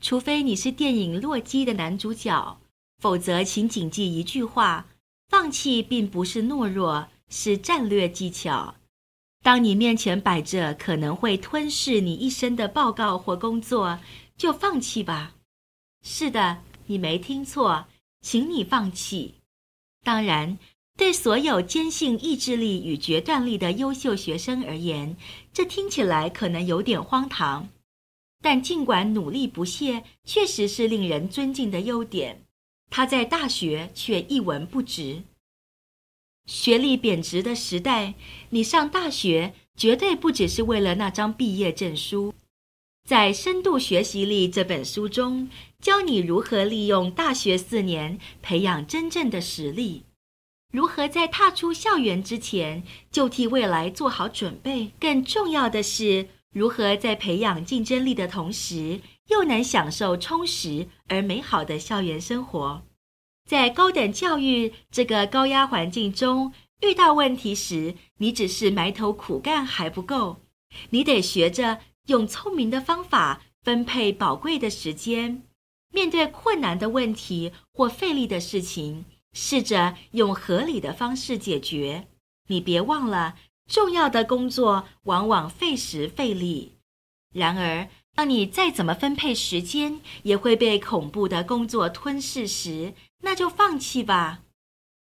除非你是電影《洛基》的男主角，否則請謹記一句話：放棄並不是懦弱，是戰略技巧。當你面前擺着可能會吞噬你一生的報告或工作，就放棄吧。是的。你沒聽錯，請你放棄。當然，對所有堅信意志力與決斷力的優秀學生而言，這聽起來可能有點荒唐。但儘管努力不懈，確實是令人尊敬的優點。他在大學卻一文不值。學歷貶值的時代，你上大學絕對不只是為了那張畢業證書。在《深度學習力》這本書中。教你如何利用大學四年培養真正的實力，如何在踏出校園之前就替未來做好準備。更重要的是，如何在培養競爭力的同時，又能享受充實而美好的校園生活。在高等教育這個高壓環境中，遇到問題時，你只是埋頭苦幹還不夠，你得學着用聰明的方法分配寶貴的時間。面對困難的問題或費力的事情，試着用合理的方式解決。你別忘了，重要的工作往往費時費力。然而，當你再怎麼分配時間，也會被恐怖的工作吞噬時，那就放棄吧。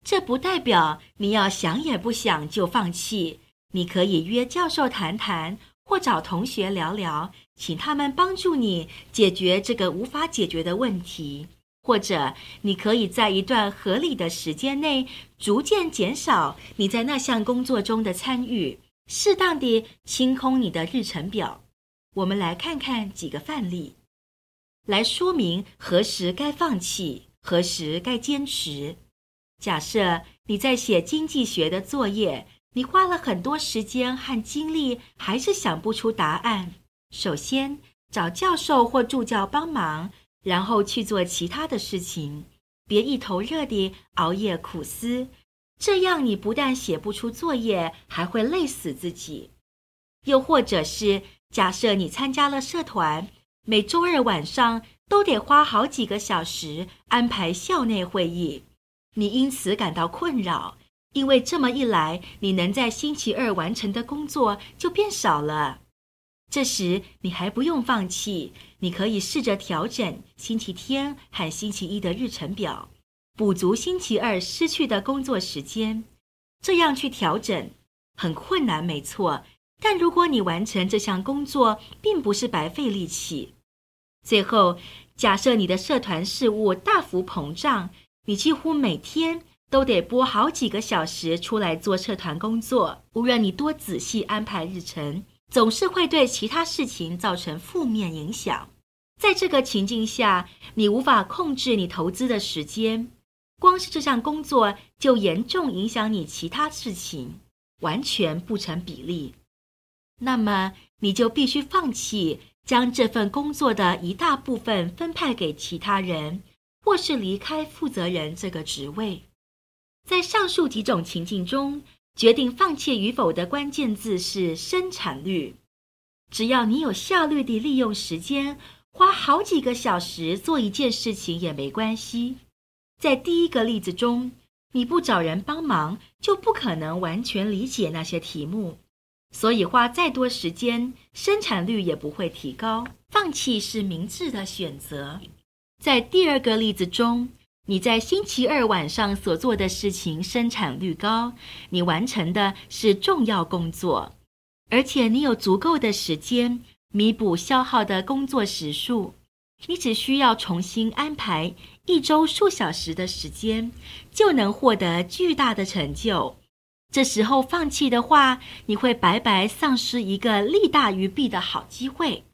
這不代表你要想也不想就放棄。你可以約教授談談。或找同學聊聊，請他們幫助你解決這個無法解決的問題。或者，你可以在一段合理的時間內，逐漸減少你在那項工作中的參與，適當的清空你的日程表。我們來看看幾個範例，來說明何時該放棄，何時該堅持。假設你在寫經濟學的作業。你花了很多時間和精力，還是想不出答案。首先找教授或助教幫忙，然後去做其他的事情。別一頭熱地熬夜苦思，這樣你不但寫不出作業，還會累死自己。又或者是假設你參加了社團，每周日晚上都得花好幾個小時安排校內會議，你因此感到困擾。因為這麼一來，你能在星期二完成的工作就變少了。這時你還不用放棄，你可以試着調整星期天和星期一的日程表，補足星期二失去的工作時間。這樣去調整很困難，沒錯。但如果你完成這項工作，並不是白費力氣。最後，假設你的社團事務大幅膨脹，你幾乎每天，都得撥好幾個小時出來做社團工作，無論你多仔細安排日程，總是會對其他事情造成負面影響。在這個情境下，你無法控制你投資的時間。光是這項工作就嚴重影響你其他事情，完全不成比例。那麼，你就必須放棄，將這份工作的一大部分分派給其他人，或是離開負責人這個職位。在上述幾種情境中，決定放棄與否的關鍵字是生產率。只要你有效率地利用時間，花好幾個小時做一件事情也沒關係。在第一個例子中，你不找人幫忙，就不可能完全理解那些題目，所以花再多時間，生產率也不會提高。放棄是明智的選擇。在第二個例子中，你在星期二晚上所做的事情，生產率高，你完成的是重要工作，而且你有足夠的時間彌補消耗的工作時數。你只需要重新安排一周數小時的時間，就能獲得巨大的成就。這時候放棄的話，你會白白喪失一個利大於弊的好機會。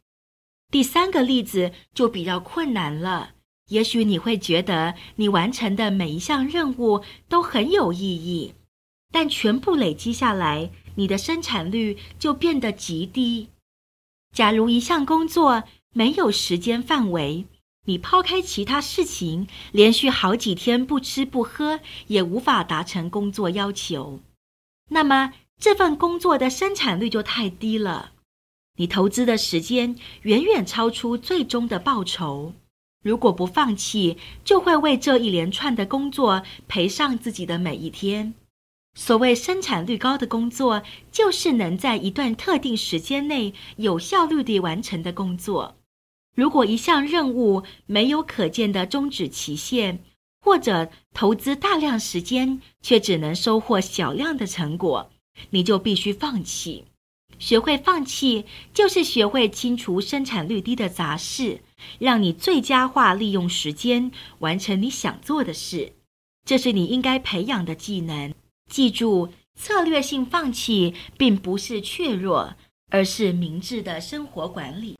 第三個例子就比較困難了。也許你會覺得你完成的每一項任務都很有意義，但全部累積下來，你的生產率就變得極低。假如一項工作沒有時間範圍，你拋開其他事情，連續好幾天不吃不喝，也無法達成工作要求，那麼這份工作的生產率就太低了。你投資的時間遠遠超出最終的報酬。如果不放棄，就會為這一連串的工作賠上自己的每一天。所謂生產率高的工作，就是能在一段特定時間內有效率地完成的工作。如果一項任務沒有可見的終止期限，或者投資大量時間卻只能收穫小量的成果，你就必須放棄。學會放棄，就是學會清除生產率低的雜事。讓你最佳化利用時間，完成你想做的事，這是你應該培養的技能。記住，策略性放棄並不是怯弱，而是明智的生活管理。